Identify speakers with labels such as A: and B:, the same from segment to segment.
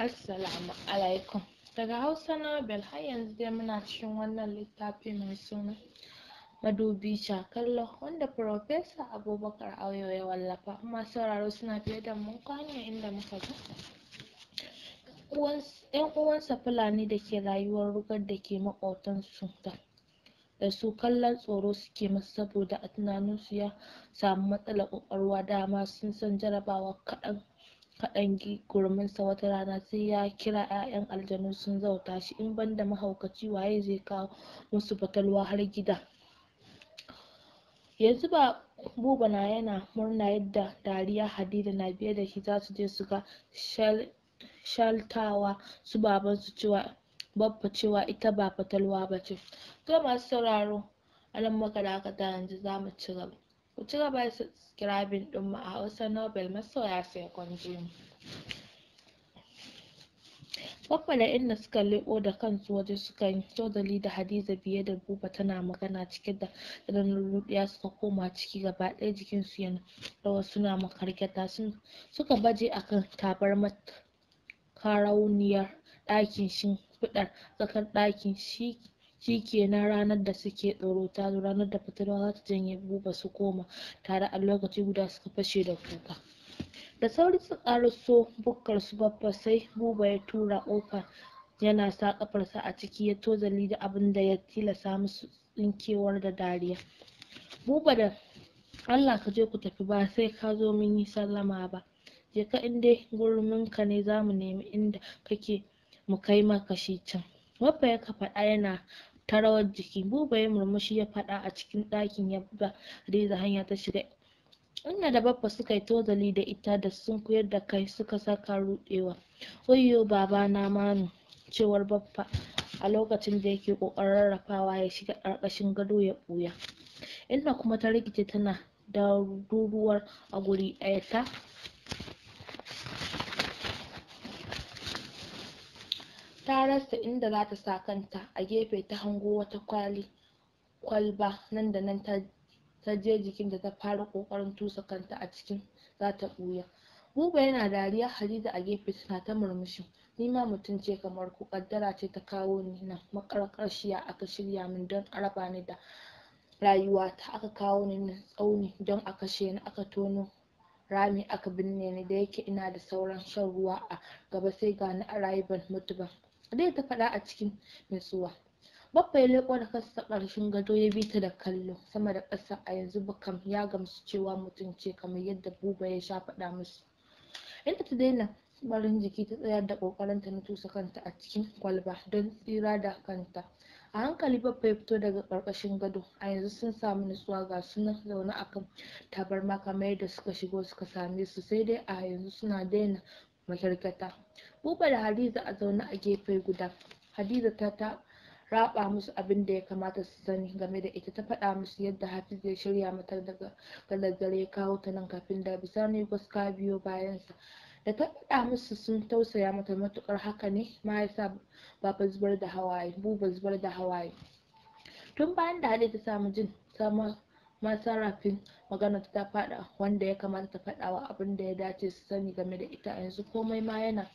A: Assalamu alaikum daga Hausa Nobel har yanzu dai muna cikin wannan littafi mai suna madubi shakallo wanda Profesa Abubakar Auyo ya wallafa amma sauraro suna fiye da mun kwana inda muka ga 'yan uwansa Fulani da ke rayuwar rugar da ke maƙotansu da da su kallon tsoro suke masu saboda a tunaninsu ya samu matsala ƙwaƙwalwa dama sun san jarabawa kaɗan kaɗan gi gurminsa wata rana sai ya kira 'ya'yan aljanu sun zauta shi in banda mahaukaci waye zai kawo musu fatalwa har gida yanzu ba buba na yana murna yadda dariya hadida na biye da shi za su je su shaltawa su babansu cewa babba cewa ita ba fatalwa ba ce to masu sauraro anan muka dakata yanzu za mu ci gaba Ku ci gaba da subscribing ɗinmu a Hausa Nobel masoya sai kun ji mu. inda suka leko da kansu waje suka yi Sodali da Hadiza biye da Buba tana magana cikin da ranar ruɗiya suka koma ciki gaba ɗaya jikinsu yana rawa suna makarkata sun suka baje akan tabarmar karauniyar ɗakin fidar tsakar ɗakin shi shi kenan ranar da suke tsoro ta zo ranar da fitarwa za ta janye buba su koma tare a lokaci guda suka fashe da kuka da sauri su so bukkar su babba sai buba ya tura kofa yana sa ƙafarsa a ciki ya tozali da abin da ya tilasa musu tsinkewar da dariya buba da allah ka je ku tafi ba sai ka zo mun yi sallama ba je ka in dai gurminka ne za mu nemi inda kake mu kai maka shi can Wabba ya faɗa yana ta rawar jiki buba ya murmushi ya faɗa a cikin ɗakin ya buga da hanya ta shiga Inna da babba suka yi tozali da ita da sun koyar da kai suka saka ruɗewa wayyo baba na manu cewar babba a lokacin da yake ƙoƙarin rarrafawa ya shiga ƙarƙashin gado ya buya Inna kuma ta rikice tana da ruruwar a guri ɗaya ta ta rasa inda za ta sa kanta a gefe ta hango wata kwali kwalba nan da nan ta je jikin da ta fara kokarin tusa kanta a cikin za ta buya buba yana dariya hadiza a gefe tana ta murmushi ni ma mutum ce kamar ku kaddara ce ta kawo ni nan makarƙashiya aka shirya min don a ni da ta aka kawo ni na tsauni don a kashe ni aka tono rami aka binne ni da yake ina da sauran shan ruwa a gaba sai ga ni a rayuwar Adai ta faɗa a cikin nutsuwa. Baffa ya leƙo da kasa ƙarshen gado ya bi ta da kallo sama da ƙasa a yanzu Bukam ya gamsu cewa mutum ce kamar yadda Buba ya sha faɗa musu. Inda ta daina barin jiki ta tsayar da ƙoƙarin ta na tusa kanta a cikin kwalba don tsira da kanta. A hankali Baffa ya fito daga ƙarƙashin gado a yanzu sun samu nutsuwa ga sunan zaune a kan tabarma kamar yadda suka shigo suka same su sai dai a yanzu suna daina makirkata. buba da hadiza a zaune a gefe guda hadiza ta ta raba musu abin da ya kamata su sani game da ita ta faɗa musu yadda hafiz ya shirya mata daga galaggare ya kawo ta nan kafin da bisani gaska biyo bayansa da ta faɗa musu sun tausaya mata matukar haka ne ma ya sa baba zubar da hawaye buba zubar da hawaye tun bayan da hadiza ta samu jin samu masarafin magana ta faɗa wanda ya kamata ta faɗawa abinda ya dace su sani game da ita yanzu komai ma yana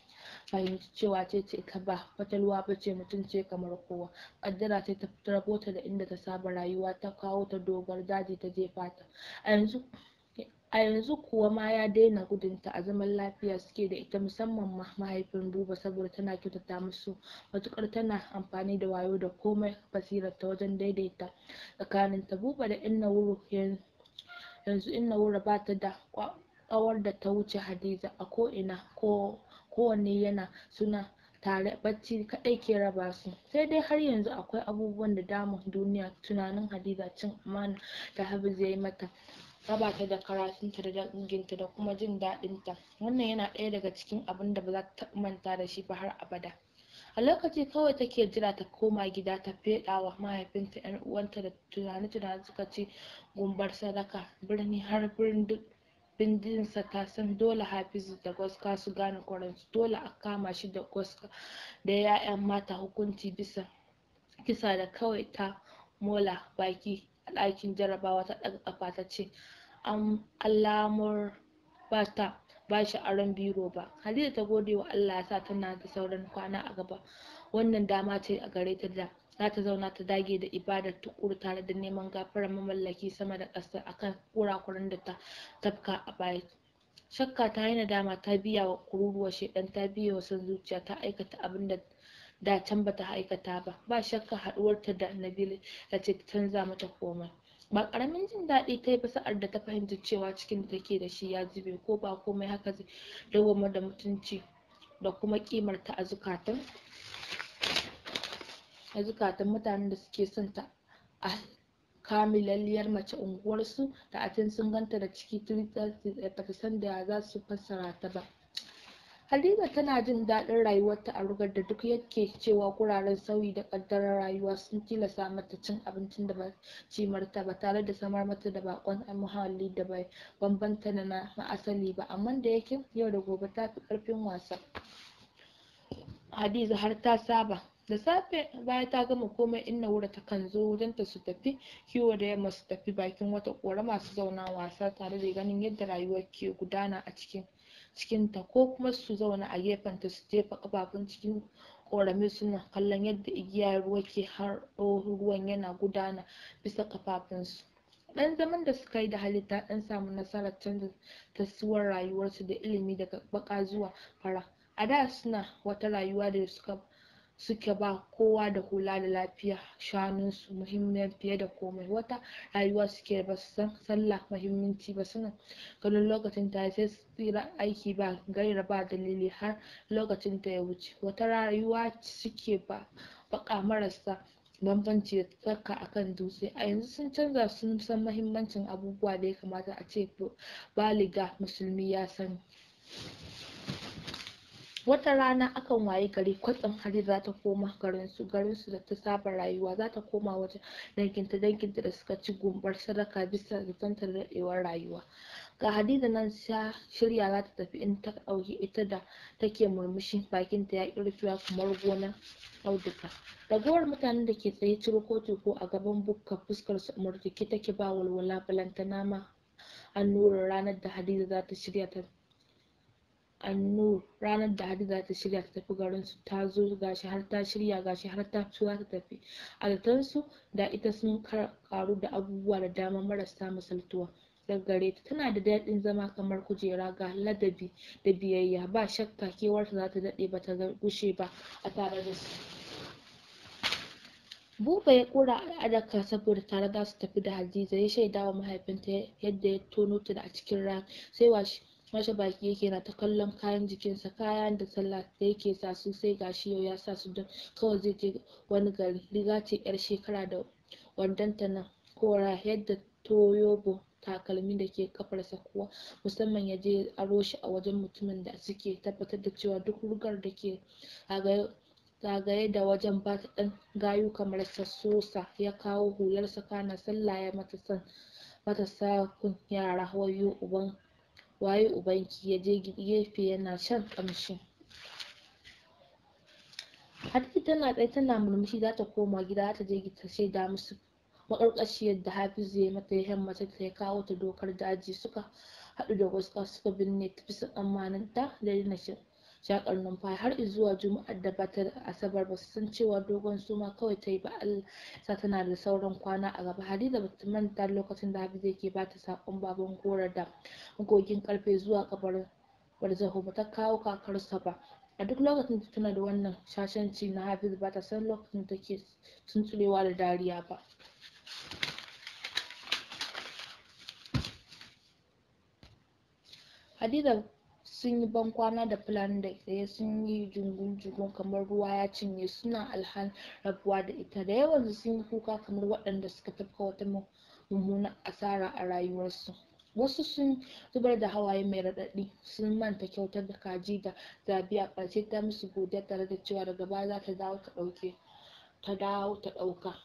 A: fahimci cewa ce ce ta ba fatalwa ba ce mutum ce kamar kowa kaddara ce ta rabo ta da inda ta saba rayuwa ta kawo ta dogar daji ta jefa ta a yanzu kuwa ma ya daina gudunta a zaman lafiya suke da ita musamman ma mahaifin buba saboda tana kyautata musu matukar tana amfani da wayo da komai basirar ta wajen daidaita tsakanin ta buba da inna wuro yanzu inna wuro ba ta da kawar da ta wuce hadiza a ko'ina ko kowanne yana suna tare bacci kaɗai ke raba su sai dai har yanzu akwai abubuwan da dama duniya tunanin hadiza cin amana da Habu zai yi mata raba ta da karatunta da danginta da kuma jin daɗinta wannan yana ɗaya daga cikin abin da ba za ta manta da shi ba har abada a lokaci kawai take jira ta koma gida ta wa mahaifinta 'yan uwanta da tunani-tunani suka ce gumbar sadaka birni har birnin duk bindinsa ta san dole hafizu da gwaska su gane kwaransu dole a kama shi da gwaska da 'ya'yan mata hukunci bisa kisa da kawai ta mola baki a ɗakin jarabawa ta ɗaga ƙafa ta ce an alamur ba ta ba shi aron biro ba hadiza ta gode wa allah sa tana da sauran kwana a gaba wannan dama ce a gare ta da za ta zauna ta dage da ibadar tukuru tare da neman gafarar mamallaki sama da ƙasa akan kurakuran da ta tafka a baya shakka ta yi nadama ta biya wa kururuwa shaidan ta biya wa son zuciya ta aikata abin da da can bata aikata ba ba shakka haɗuwarta da Nabil da ce ta canza mata komai ba karamin jin daɗi ta yi ba da ta fahimci cewa cikin da take da shi ya zube ko ba komai haka zai dawamar da mutunci da kuma kimarta a zukatan na zukatan mutanen da suke son ta a kamilalliyar mace unguwarsu da atin sun ganta da ciki tun da ya za su fassara ta ba Hadiza tana jin daɗin rayuwarta a rugar da duk yake cewa kuraren sauyi da ƙaddarar rayuwa sun tilasta mata cin abincin da ba ci marta ba tare da samar mata da bakon muhalli da bai bambanta da na asali ba amma da yake yau da gobe ta fi ƙarfin wasa. Hadiza har ta saba da safe baya ta gama komai in wura ta kan zo wajen ta su tafi kiwo da yamma su tafi bakin wata kora masu zauna wasa tare da ganin yadda rayuwar ke gudana a cikin cikinta ko kuma su zauna a gefen ta su jefa kafafun cikin ƙorami suna kallon yadda igiya ruwa ke har ruwan yana gudana bisa su. dan zaman da suka yi da halitta dan samu nasarar canza tasuwar rayuwarsu da ilimi daga baka zuwa fara a da suna wata rayuwa da suka suke ba kowa da kula da lafiya su muhimmiyar fiye da komai wata rayuwa suke ba su san sallah muhimmanci ba suna ganin lokacin ta sai su tsira aiki ba gaira ba dalili har lokacin ta ya wuce wata rayuwa suke ba baka marasa bambanci da tsaka a kan dutse a yanzu sun canza sun san muhimmancin abubuwa da ya kamata a ce baliga musulmi ya sani wata rana akan waye gari kwatsam hari za ta koma garin su garin su da ta saba rayuwa za ta koma wajen danginta danginta da suka ci gumbar sadaka bisa da tantar daɗewar rayuwa ga hadiza nan ta shirya za ta tafi in ta ɗauki ita da take murmushi bakin ta ya ƙi kamar gonar auduka. ragowar mutanen da ke tsaye ciro kotu ko a gaban bukka fuskar su murtuki take ba walwala balantana ma annurar ranar da hadiza za ta shirya ta annur ranar da hadi za ta shirya ta tafi garin su ta zo gashi har ta shirya gashi har ta fi ta tafi a da ita sun karu da abubuwa da dama marasa misaltuwa gaggare ta tana da daɗin zama kamar kujera ga ladabi da biyayya ba shakka kewarta za ta daɗe ba ta gushe ba a tare da su Buba ya kura al'adarka saboda tare za su tafi da Hadiza ya shaidawa mahaifinta yadda ya tono ta a cikin ran sai washe mashi baki yake na ta kallon kayan jikinsa kayan da sallah da yake sa su sai gashi yau ya sa su don kawai zai je wani gari riga ce yar shekara da wandonta na kora yadda toyobo takalmi da ke kafarsa kuwa musamman ya je aro shi a wajen mutumin da suke tabbatar da cewa duk rugar da ke zagaye da wajen ba ta dan gayu kamar sosa ya kawo hular kana sallah ya mata san mata sakun yara wayo uban waye ubanki ya je gefe yana shan ƙamshi Hadiza tana tsaye tana murmushi za ta koma gida za ta je ta shaida musu maƙarƙashiyar yadda Hafizu ya mata ya mata ta ya kawo ta dokar daji suka haɗu da wasu suka binne ta bisa tsammanin ta da daina shakar numfashi har zuwa juma'ar da Bata ta asabar ba san cewa dogon suma kawai ta yi ba sa tana da sauran kwana a gaba hari ba bata manta lokacin da Hafizu ke ba ta sakon baban gora da magogin karfe zuwa kabar barzahu ba ta kawo kakarsa ba a duk lokacin da tana da wannan shashanci na Hafizu ba ta san lokacin da take tuntulewa da dariya ba Hadiza sun yi bankwana da fulani da tsaye sun yi jungun-jungun kamar ruwa ya cinye suna alhan rabuwa da ita da yawan sun yi kuka kamar waɗanda suka tafka wata mummunan asara a rayuwarsu wasu sun zubar da hawaye mai raɗaɗi sun manta kyautar da kaji da zabi a ƙarshe ta musu godiya tare da cewa daga baya za ta dawo ta ɗauke ta dawo ta ɗauka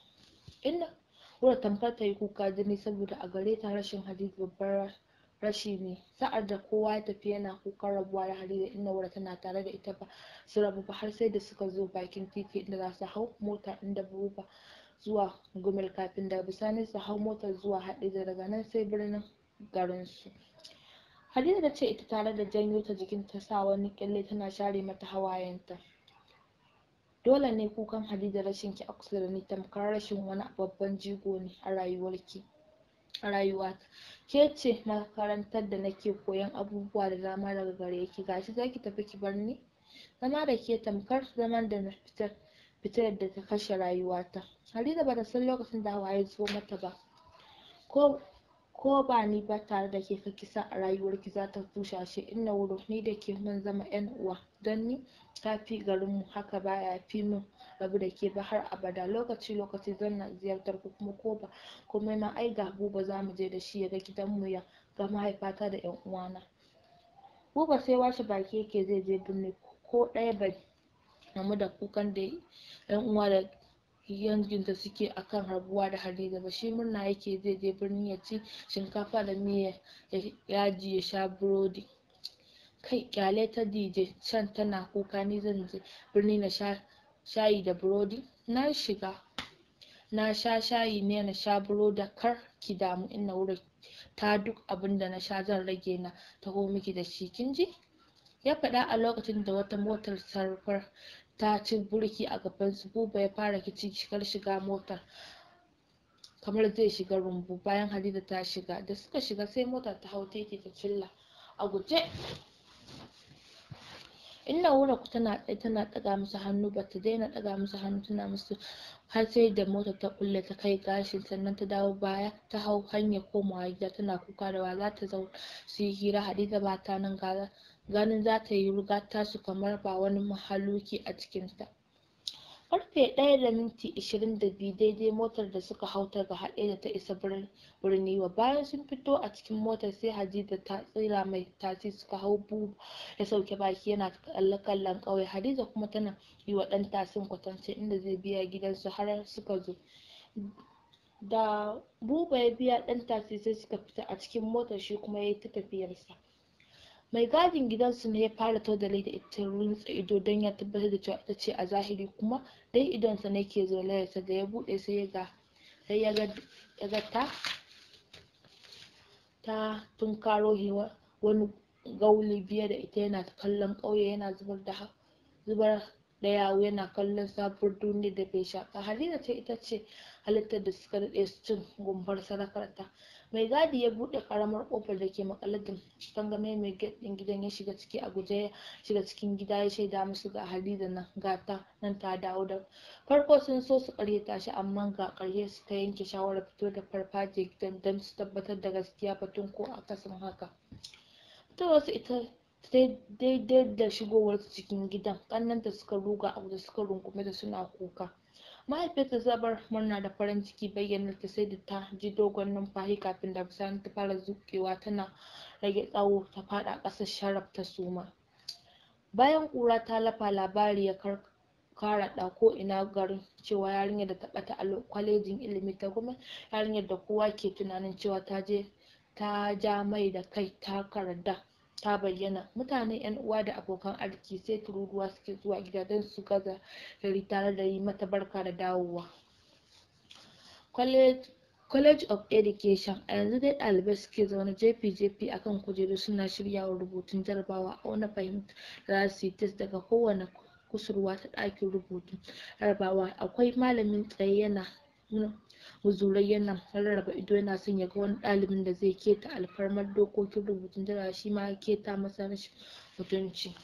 A: inda wurin tamkar ta yi kuka jini saboda a gare ta rashin hadiz babbar rashi ne sa'ar da kowa ya tafi yana kukan rabuwa da hadiza, inda wura tana tare da ita ba su rabu ba har sai da suka zo bakin titi inda za su hau mota inda ba zuwa gumil kafin da bisani su hau mota zuwa haɗe daga nan sai birnin garinsu Hadiza ta ce ita tare da janyo ta jikin ta sa wani kyalle tana share mata hawayenta. Dole ne kukan Hadiza rashin ki a kusa da ni tamkar rashin wani babban jigo ne a rayuwarki. a rayuwata ke ce makarantar da nake koyan abubuwa da dama daga gare ki gashi zaki tafi ki bar ni zama da ke tamkar zaman da na fitar fitar da ta kashe rayuwata Hadiza ta san lokacin da hawaye zo mata ba ko ko ba ni ba tare da ke ka kisa a rayuwar za ta tushe shi inna wuro ni da ke mun zama yan uwa don ni ta fi garin mu haka baya fi min rabu da ke ba har abada lokaci lokaci zan na ziyartar ku kuma ko ba kuma ma ai ga buba za mu je da shi ya ga gidan mu ya ga mahaifata da yan uwana buba sai washe baki yake zai je birni ko ɗaya ba gamu da kukan da yan uwa da yankin da suke kan rabuwa da hari ba shi murna yake zai je birni ya ci shinkafa da miya yaji ya sha burodi kai kyale ta dije can tana kuka ni zan je birni na sha shayi da burodi na shiga na sha shayi ne na sha burodi kar ki damu ina wuri ta duk abin da na sha zan rage na taho miki da shi kin ji ya faɗa a lokacin da wata motar sarfar ta ci burki a gabansu buba ya fara kar shiga mota kamar zai shiga rumbu bayan halida ta shiga da suka shiga sai mota ta hau teke ta cilla a guje inda ku tana tsaye tana daga musu hannu bata daina daga musu hannu tana musu har sai da mota ta kulle ta kai gashin sannan ta dawo baya ta hau hanyar komawa gida tana kuka da wa za zata zauna yi hira Hadiza bata nan ga ganin za ta yi ruga su kamar ba wani mahaluki a cikinta karfe ɗaya da minti ishirin daidai motar da suka hau ga haɗe da ta isa birni wa bayan sun fito a cikin motar sai hadiza ta tsira mai tasi suka hau bu ya sauke baki yana kalle kallon ƙauye hadiza kuma tana yi wa ɗan tasin kwatance inda zai biya gidansu har suka zo da buba ya biya ɗan tasi sai suka fita a cikin motar shi kuma ya yi ta tafiyarsa mai gadin gidansu ne ya fara tozali da ita rintsa ido don ya tabbatar da cewa ita ce a zahiri kuma dai idonsa ne ke zolayarsa da ya bude sai ya ga sai ya ga ta ta tunkaro wani gauli biya da ita yana kallon ƙauye yana zubar da zubar da yawo yana kallon sabuwar duniya da bai shaƙa halina ce ita ce halittar da suka su cin gumbar sarakarta mai gadi ya bude karamar kofar da ke makalatin tangame mai gadin gidan ya shiga ciki a guje shiga cikin gida ya shaida musu ga da nan gata nan ta dawo da farko sun so su karyata shi amma ga su ta yanke shawarar fito da farfaje gidan don su tabbatar da gaskiya batun ko akasin haka wasu ita daidai da shigowar cikin gidan kannanta suka ruga a waje suka rungume da suna kuka mahaifiyarta ta bar murna da farin ciki bayyanar ta sai da ta ji dogon numfashi kafin da bisani ta fara zuƙewa tana rage tsawo ta faɗa ƙasar sharaf ta suma bayan ƙura ta lafa labari ya kara da ko ina garin cewa yarinyar da ta ɓata a kwalejin ilimi ta kuma yarinyar da kowa ke tunanin cewa ta je ta ja mai da kai ta karada ta bayyana mutane yan uwa da abokan arziki sai tururuwa suke zuwa gida don su gaza gari tare da yi mata barka da dawowa college of education a yanzu dai ɗalibai suke zaune jpjp a kan kujeru suna shiryawa rubutun jarabawa a wani fahimta za daga kowane kusurwa ta dakin rubutu jarabawa akwai malamin tsaye yana Wuzulai yana rarraba ido yana son ya ga wani ɗalibin da zai keta alfarmar dokokin rubutun jira shi ma keta masa rashin mutunci.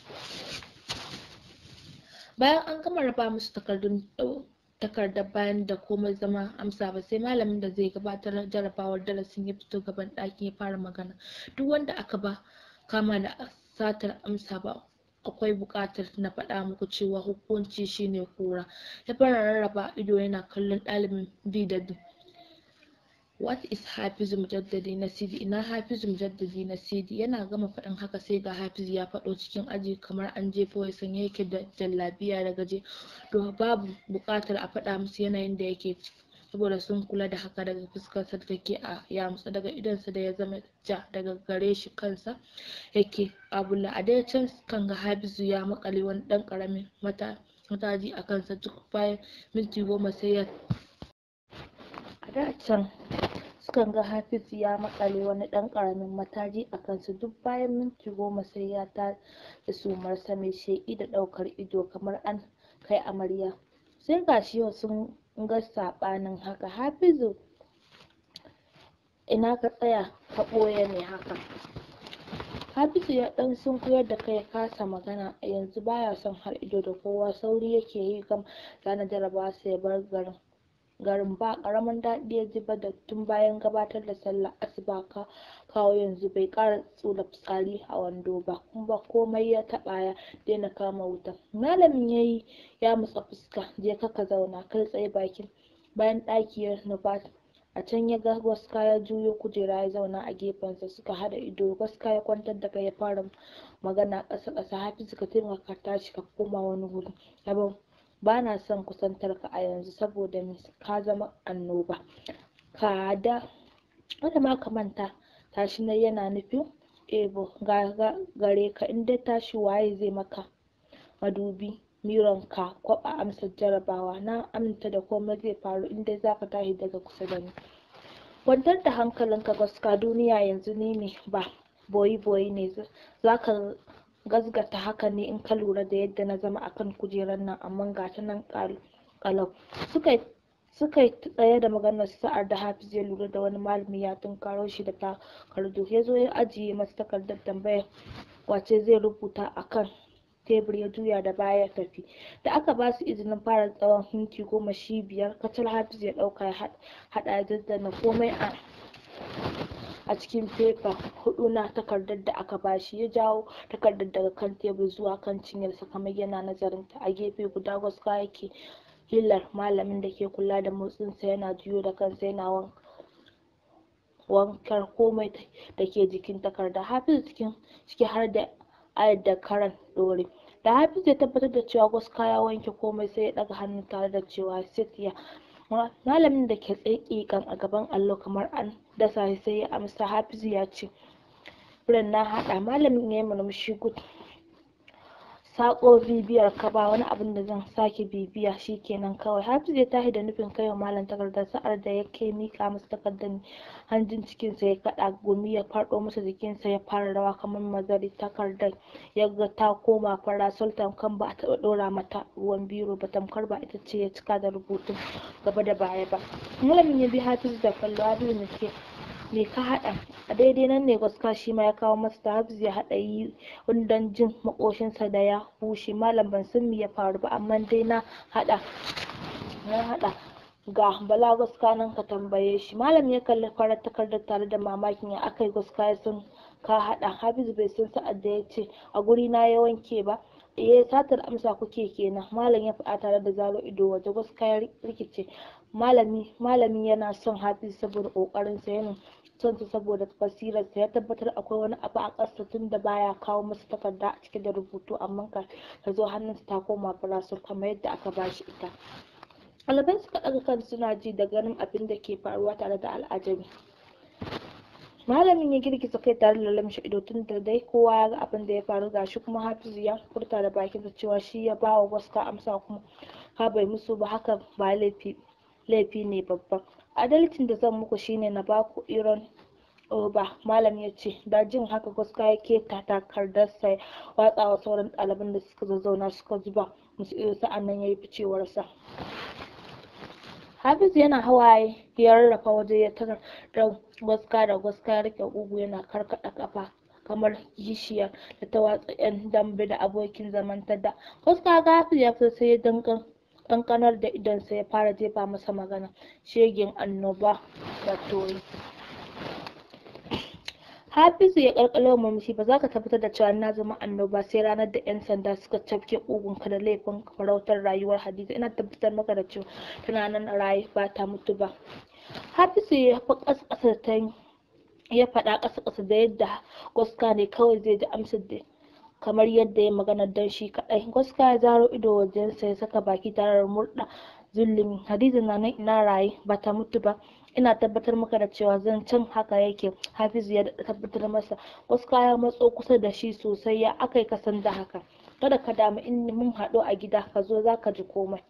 A: Bayan an gama raba musu takardun takardar bayan da komai zama amsa ba sai malamin da zai gabatar jarabawar darasin ya fito gaban ɗakin ya fara magana duk wanda aka ba kama da satar amsa ba akwai buƙatar na faɗa muku cewa hukunci shine kura ya fara rarraba ido yana kallon ɗalibin bi da what is hafizu mujaddadi na sidi ina hafizu mujaddadi na sidi yana gama faɗin haka sai ga hafizu ya faɗo cikin aji kamar an je ya sanye yake da jallabiya da gaje to babu buƙatar a faɗa musu yanayin da yake ciki saboda sun kula da haka daga fuskarsa da take a yamutsa daga idonsa da ya zama ja daga gare shi kansa yake abula a dai can kan ga habizu ya makale wani dan karamin mataji a kansa duk bayan minti goma sai ya a da can sukan ga Hafiz ya makale wani ɗan karamin mataji a kansa duk bayan minti goma sai ya ta da sumarsa mai sheƙi da ɗaukar ido kamar an kai amarya sai gashi yau sun ga saɓanin haka hafizu ina ka tsaya ka ɓoye ne haka hafizu ya ɗan koyar da kai ya kasa magana yanzu baya son har ido da kowa sauri yake yi gam ranar jarabawa sai ya bar garin garin ba ƙaramin daɗi ya ji ba da tun bayan gabatar da sallah asuba ka kawo yanzu bai ƙara tsula fitsari a wando ba kuma komai ya taɓa ya daina kama wuta malamin ya yi ya matsa fuska je kaka zauna kai tsaye bakin bayan ɗaki ya nufa a can ya ga waska ya juyo kujera ya zauna a gefensa suka hada ido gaska ya kwantar daga ya fara magana ƙasa ƙasa hafi suka taimaka tashi ka koma wani wuri ba na son kusantar ka a yanzu saboda ka zama annoba ka da wanda ma ka manta tashi nan yana nufin ebo eh, gare ka inda tashi waye zai maka madubi miron ka a amsar jarabawa na aminta da komai zai faru inda za ka tashi daga kusa da ni kwantar da hankalinka gaska duniya yanzu ne ne ba boyi boyi ne za zaka gasgata haka ne in ka lura da yadda na zama a kan kujerar nan amma ga ta nan kalau suka yi tsaye da maganar sa'ar da hafiz ya lura da wani malami ya tunkaro shi da takardu ya zo ya ajiye masa takardar tambayar wace zai rubuta a kan tebur ya juya da baya ya tafi da aka ba su izinin fara tsawon hinki goma shi biyar kacal hafiz ya ɗauka ya haɗa da komai a a cikin fefa hudu na takardar da aka bashi ya jawo takardar daga kan tebur zuwa kan cinyarsa kamar yana nazarin ta a gefe guda gaskiya yake hillar malamin da ke kula da motsinsa yana juyo da kansa yana wankar komai da ke jikin takarda hafiz cikin ciki har da ayar da karan dore da hafiz ya tabbatar da cewa gaska ya wanke komai sai ya ɗaga hannu tare da cewa sit ya malamin da ke tsaye kan a gaban allo kamar an da sai sai ya amsa hafizu ya ce Ran na haɗa malamin ya yi murmushi gutu. sako bibiyar ka ba wani abin da zan sake bibiya shi kenan kawai hafi ya tashi da nufin kai wa malam takardar sa'ar da ya kai mika masa takardar hanjin cikinsa ya kada gumi ya fardo masa jikin sa ya fara rawa kamar mazari takardar ya ga ta koma fara sultan kan ba a taba dora mata ruwan biro ba tamkar ba ita ce ya cika da rubutun gaba da baya ba malamin ya bi hafi da kallo Hafiz ne ce me ka haɗa a daidai nan ne gaskiya shi ma ya kawo masa ta hafs ya haɗa yi don jin makoshinsa da ya bushe malam ban san me ya faru ba amma dai na haɗa na haɗa ga bala gaska nan ka tambaye shi malam ya kalli farar takardar tare da mamakin ya aka gaskiya gaska ya san ka haɗa hafiz bai san sa'ad da ya ce a guri na ya wanke ba eh satar amsa kuke kenan malam ya faɗa tare da zaro ido waje wasu kayan rikice malami malami yana son hafiz saboda kokarin sa yana son saboda basirar sa ya tabbatar akwai wani abu a ƙasa tun da baya kawo masa takarda a cike da rubutu amma ka ta zo hannunsa ta koma farasur kamar yadda aka bashi ita ɗalibai suka ɗaga kan suna ji da ganin abin da ke faruwa tare da al'ajabi malamin ya girgiza kai tare da lamshe ido tun da dai kowa ya ga abin da ya faru ga shi kuma hafizu ya furta da bakinsa cewa shi ya ba wa wasu ka amsa kuma ka bai musu ba haka ba laifi laifi ne babba adalcin da zan muku shine na baku iron oba malamin ya ce da jin haka gaska ya keta takardarsa ya watsa wa sauran ɗaliban da suka zazzauna suka zuba musu ido sa'annan ya yi ficewarsa hafiz yana hawaye ya rarrafa waje ya tara Gaska da gaska ya rike ugu yana karkaɗa kafa kamar gishiya da ta watsa 'yan dambe da abokin zaman da. Gaska gafi ya fi sai ya kankanar da idonsa ya fara jefa masa magana shegin annoba da toyi. Hafizu ya karkalo murmushi ba za ka tabbatar da cewa na zama annoba sai ranar da 'yan sanda suka cafke ka da laifin farautar rayuwar Hadiza ina tabbatar maka da cewa tunanin rayu ba ta mutu ba. hafisu ya fi ƙasƙasar ta ya faɗa ƙasa ƙasa da yadda goska ne kawai zai ji amsar da kamar yadda ya magana don shi kaɗai goska ya zaro ido wajen ya saka baki tare da murɗa zulumi hadiza na nan ina raye ba ta mutu ba ina tabbatar maka da cewa zan can haka yake hafizu ya tabbatar masa goska ya matso kusa da shi sosai ya aka ka kasan da haka kada ka damu in mun haɗu a gida ka zo za ka ji komai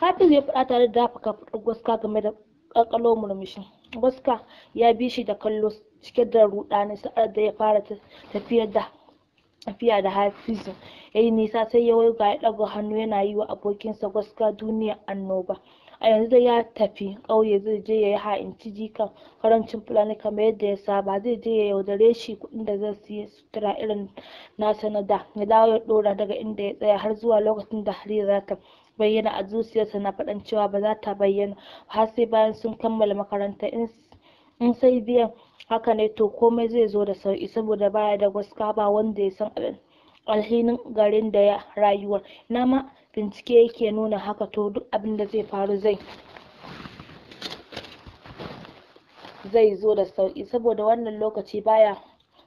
A: hafizu ya faɗa tare da dafa kafaɗar goska game da kakalo murmushi Baska ya bi shi da kallo cike da rudani sa'ar da ya fara tafiyar da tafiya da hafizu ya yi nisa sai ya waiga ya ɗaga hannu yana yi wa abokinsa gaska duniya annoba a yanzu da ya tafi ƙauye zai je ya yi ha'inci jikan karancin fulani kamar yadda ya saba zai je ya yaudare shi kuɗin da zai siya sutura irin nasa na da ya dawo ya ɗora daga inda ya tsaya har zuwa lokacin da hari za bayyana a zuciyarsa na faɗan cewa ba za ta bayyana har sai bayan sun kammala makaranta in sai biyan haka ne to komai zai zo da sauki saboda baya da gaska ba wanda ya san alhinin garin da ya rayuwar na ma bincike yake nuna haka to duk abin da zai faru zai zai zo da sauki saboda wannan lokaci baya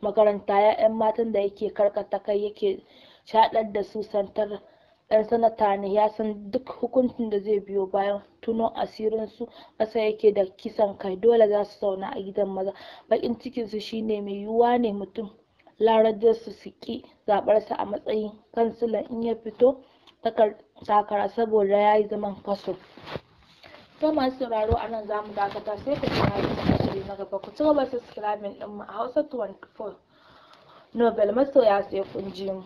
A: makaranta 'ya'yan matan da yake karkata kai yake shaɗar da su santar dan sanata ne ya san duk hukuncin da zai biyo bayan tuno asirin su ƙasa yake da kisan kai dole za su zauna a gidan maza baƙin cikin su shine mai yiwuwa ne mutum larajar su su ki a matsayin kansila in ya fito takara saboda ya yi zaman kaso to masu sauraro a nan za dakata sai ku kira shiri na gaba ku ci gaba subscribing ɗin mu a hausa 24 nobel masoya sai kun ji mu